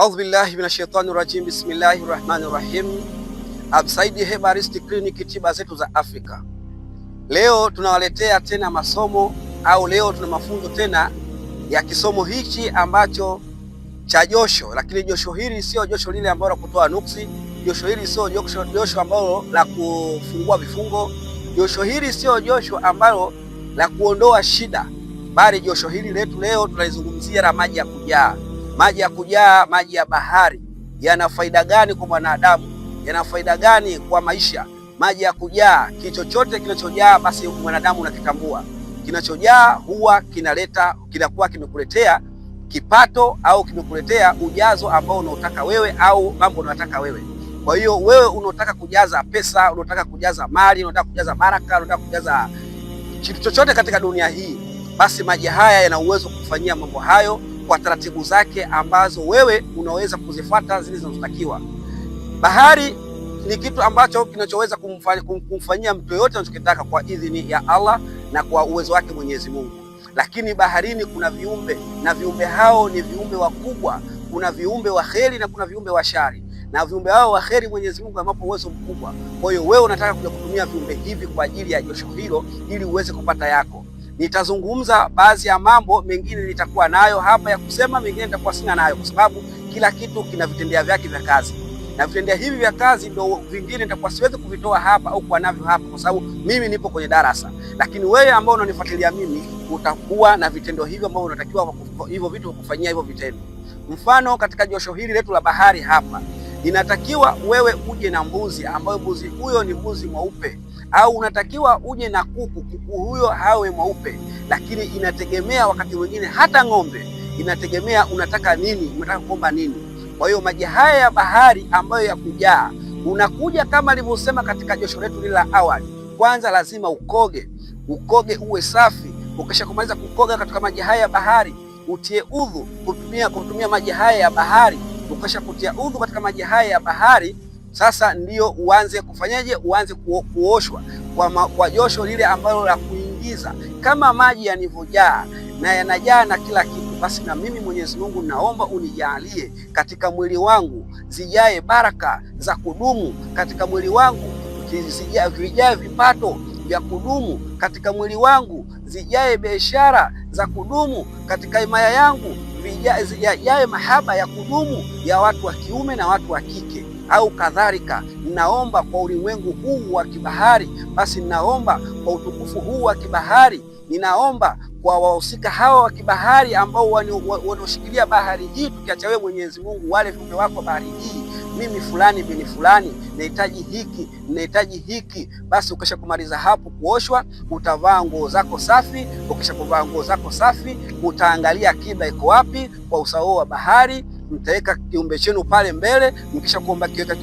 Audhu billahi minashaitani rajim. Bismillahi rahmani rahim. Absaidi Herbaristi Clinic, tiba zetu za Afrika. Leo tunawaletea tena masomo au leo tuna mafunzo tena ya kisomo hichi ambacho cha josho, lakini josho hili sio josho lile ambalo la kutoa nuksi. Josho hili sio josho, josho ambalo la kufungua vifungo. Josho hili sio josho ambalo la kuondoa shida, bali josho hili letu leo tunalizungumzia la maji ya kujaa maji ya kujaa, maji ya bahari yana faida gani kwa mwanadamu? Yana faida gani kwa maisha? Maji ya kujaa, kichochote kinachojaa basi mwanadamu unakitambua. Kinachojaa huwa kinaleta, kinakuwa kimekuletea kipato au kimekuletea ujazo ambao unaotaka wewe au mambo unataka wewe. Kwa hiyo wewe unaotaka kujaza pesa, unaotaka kujaza mali, unataka kujaza baraka, unataka kujaza kitu chochote katika dunia hii, basi maji haya yana uwezo kufanyia mambo hayo kwa taratibu zake ambazo wewe unaweza kuzifuata zile zinazotakiwa. Bahari ni kitu ambacho kinachoweza kumfanya, kumfanyia mtu yoyote anachokitaka kwa idhini ya Allah na kwa uwezo wake Mwenyezi Mungu. Lakini baharini kuna viumbe na viumbe hao ni viumbe wakubwa. Kuna viumbe wa kheri na kuna viumbe wa shari na viumbe hao wa kheri Mwenyezi Mungu amapo uwezo mkubwa. Kwa hiyo wewe unataka kuja kutumia viumbe hivi kwa ajili ya josho hilo ili uweze kupata yako. Nitazungumza baadhi ya mambo, mengine nitakuwa nayo hapa ya kusema, mengine nitakuwa sina nayo, kwa sababu kila kitu kina vitendea vyake vya kazi, na vitendea hivi vya kazi ndio vingine nitakuwa siwezi kuvitoa hapa au kuwa navyo hapa, kwa sababu mimi nipo kwenye darasa, lakini wewe ambao unanifuatilia mimi utakuwa na vitendo hivyo ambavyo unatakiwa hivyo vitu kufanyia hivyo vitendo. Mfano, katika josho hili letu la bahari hapa, inatakiwa wewe uje na mbuzi ambayo mbuzi huyo ni mbuzi mweupe au unatakiwa uje na kuku, kuku huyo hawe mweupe, lakini inategemea wakati mwingine hata ng'ombe, inategemea unataka nini, unataka kuomba nini. Kwa hiyo maji haya ya bahari ambayo ya kujaa, unakuja kama alivyosema katika josho letu lile la awali, kwanza lazima ukoge, ukoge uwe safi. Ukisha kumaliza kukoga katika maji haya ya bahari, utie udhu kutumia, kutumia maji haya ya bahari. Ukisha kutia udhu katika maji haya ya bahari sasa ndio uanze kufanyaje? Uanze kuoshwa kwa, ma, kwa josho lile ambalo la kuingiza. Kama maji yanivyojaa na yanajaa na kila kitu, basi na mimi Mwenyezi Mungu naomba unijalie katika mwili wangu zijae baraka za kudumu katika mwili wangu, vijae vipato vya kudumu katika mwili wangu, zijae biashara za kudumu katika imaya yangu, zijae mahaba ya kudumu ya watu wa kiume na watu wa kike au kadhalika. Naomba kwa ulimwengu huu wa kibahari, basi naomba kwa utukufu huu wa kibahari, ninaomba kwa wahusika hawa wa kibahari ambao wanaoshikilia bahari hii, tukiacha wewe Mwenyezi Mungu, wale viumbe wako bahari hii mimi fulani bini fulani nahitaji hiki nahitaji hiki. Basi ukisha kumaliza hapo kuoshwa, utavaa nguo zako safi. Ukisha kuvaa nguo zako safi, utaangalia kiba iko wapi, kwa usawa wa bahari, mtaweka kiumbe chenu pale mbele. Mkisha kuomba kiweka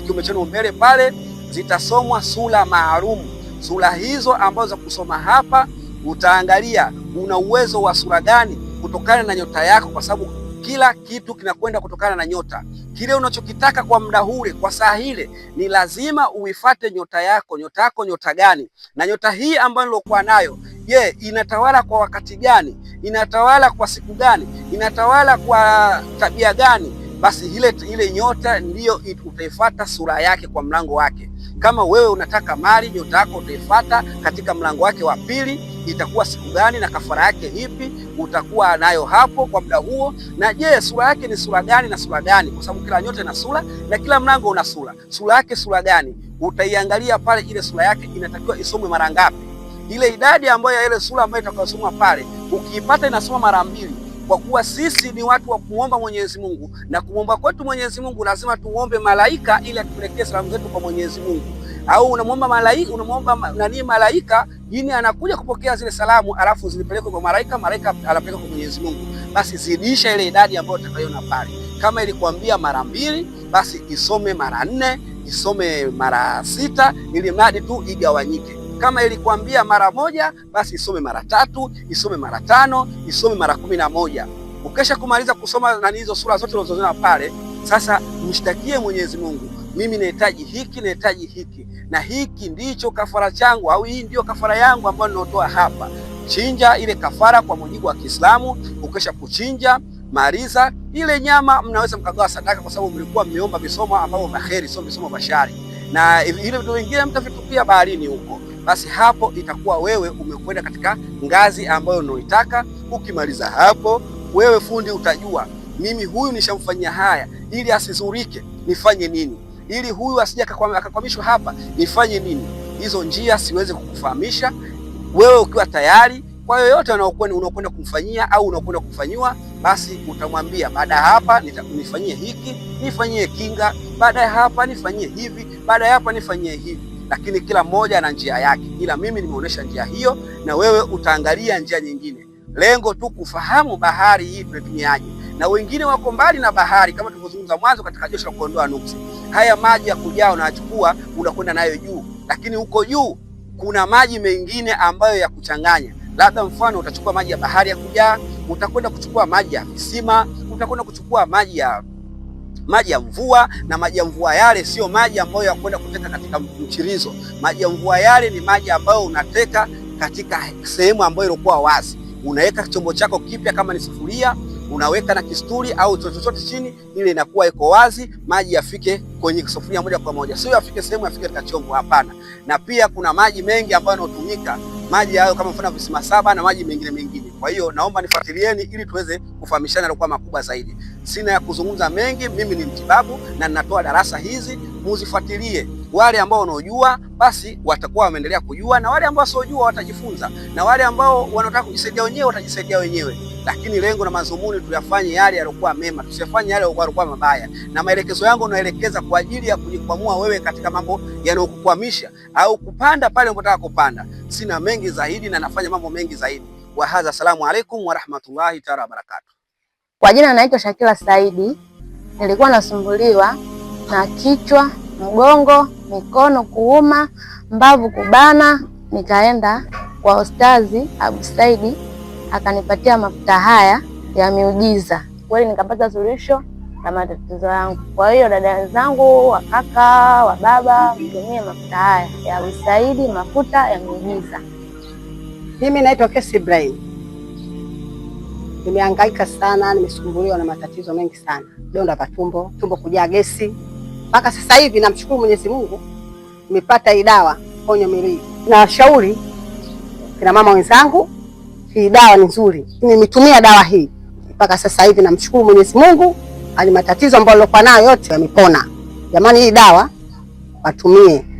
kiumbe chenu mbele pale, zitasomwa sura maalum. Sura hizo ambazo za kusoma hapa, utaangalia una uwezo wa sura gani kutokana na nyota yako, kwa sababu kila kitu kinakwenda kutokana na nyota. Kile unachokitaka kwa muda ule, kwa saa ile, ni lazima uifate nyota yako. Nyota yako nyota gani? Na nyota hii ambayo nilokuwa nayo, je, inatawala kwa wakati gani? Inatawala kwa siku gani? Inatawala kwa tabia gani? basi ile, ile nyota ndiyo utaifuata sura yake kwa mlango wake. Kama wewe unataka mali, nyota yako utaifuata katika mlango wake wa pili, itakuwa siku gani na kafara yake ipi, utakuwa nayo hapo kwa muda huo. Na je, sura yake ni sura gani na sura gani? Kwa sababu kila nyota ina sura na kila mlango una sura. Sura yake sura gani? Utaiangalia pale, ile sura yake inatakiwa isomwe mara ngapi, ile idadi ambayo ya ile sura ambayo itakayosomwa pale, ukiipata inasoma mara mbili kwa kuwa sisi ni watu wa kuomba Mwenyezi Mungu, na kuomba kwetu Mwenyezi Mungu lazima tuombe malaika ili atupelekee salamu zetu kwa Mwenyezi Mungu. Au unamwomba malaika, unamwomba nani? Malaika, jini anakuja kupokea zile salamu, alafu zilipelekwe kwa malaika, malaika anapeleka kwa Mwenyezi Mungu. Basi zidisha ile idadi ambayo utakayoona pale. Kama ilikuambia mara mbili, basi isome mara nne, isome mara sita, ili mradi tu igawanyike. Kama ilikwambia mara moja, basi isome mara tatu, isome mara tano, isome mara kumi na moja. Ukesha kumaliza kusoma nani hizo sura zote ulizoziona pale, sasa mshtakie Mwenyezi Mungu, mimi nahitaji hiki, nahitaji hiki na hiki, ndicho kafara changu, au hii ndio kafara yangu ambayo ninaotoa hapa. Chinja ile kafara kwa mujibu wa Kiislamu. Ukesha kuchinja maliza ile nyama, mnaweza mkagawa sadaka, kwa sababu mlikuwa mmeomba visomo ambavyo maheri, sio visomo vya shari, na ile vitu vingine mtavitupia baharini huko basi hapo itakuwa wewe umekwenda katika ngazi ambayo unaoitaka. Ukimaliza hapo, wewe fundi utajua mimi huyu nishamfanyia haya ili asizurike, nifanye nini? Ili huyu asije akakwamishwa hapa, nifanye nini? Hizo njia siweze kukufahamisha wewe, ukiwa tayari kwa yoyote unaokwenda kumfanyia au unaokwenda kufanyiwa basi utamwambia baada ya hapa nifanyie hiki, nifanyie kinga, baada ya hapa nifanyie hivi, baada ya hapa nifanyie hivi lakini kila mmoja ana njia yake, ila mimi nimeonyesha njia hiyo, na wewe utaangalia njia nyingine, lengo tu kufahamu bahari hii tunatumiaje. Na wengine wako mbali na bahari, kama tulivyozungumza mwanzo katika josho la kuondoa nuksi. Haya maji ya kujaa unayachukua unakwenda nayo juu, lakini huko juu kuna maji mengine ambayo ya kuchanganya, labda mfano utachukua maji ya bahari ya kujaa, utakwenda kuchukua maji ya visima, utakwenda kuchukua maji ya maji ya mvua, na maji ya mvua yale sio maji ambayo ya kwenda kuteka katika mchirizo. Maji ya mvua yale ni maji ambayo unateka katika sehemu ambayo ilikuwa wazi. Unaweka chombo chako kipya, kama ni sufuria unaweka na kisturi au chochote chini, ile inakuwa iko wazi, maji yafike kwenye sufuria moja kwa moja, sio yafike sehemu yafike katika chombo, hapana. Na pia kuna maji mengi ambayo yanotumika maji hayo kama mfano visima saba na maji mengine mengine. Kwa hiyo naomba nifuatilieni ili tuweze kufahamishana yalikuwa makubwa zaidi. Sina ya kuzungumza mengi, mimi ni mtibabu na ninatoa darasa hizi, muzifuatilie. Wale ambao wanaojua basi watakuwa wameendelea kujua, na wale ambao wasiojua watajifunza, na wale ambao wanataka kujisaidia wenyewe watajisaidia wenyewe, lakini lengo na madhumuni tuyafanye yale yaliokuwa mema, tusiyafanye yale yaliokuwa mabaya. Na maelekezo yangu naelekeza kwa ajili ya kujikwamua wewe katika mambo yanayokukwamisha au kupanda pale unapotaka kupanda. Sina mengi zaidi na nafanya mambo mengi zaidi. Wahadha, assalamu alaikum warahmatullahi taala wabarakatu. Kwa jina naitwa Shakila Saidi. Nilikuwa nasumbuliwa na kichwa, mgongo, mikono kuuma, mbavu kubana. Nikaenda kwa Ustazi Abu Saidi akanipatia mafuta haya ya miujiza, kweli nikapata suluhisho la matatizo yangu. Kwa hiyo dada zangu, wakaka, wababa, mtumie mafuta haya ya Abu Saidi, mafuta ya miujiza. Mimi naitwa Kesi Ibrahim. Nimehangaika sana, nimesumbuliwa na matatizo mengi sana, donda la tumbo, tumbo kujaa gesi. Mpaka sasa hivi namshukuru Mwenyezi Mungu nimepata hii dawa ponyo mirii. Nawashauri kina mama wenzangu, hii dawa ni nzuri, nimetumia dawa hii mpaka sasa hivi, namshukuru Mwenyezi Mungu, ani matatizo ambayo nilikuwa nayo yote yamepona. Jamani, hii dawa watumie.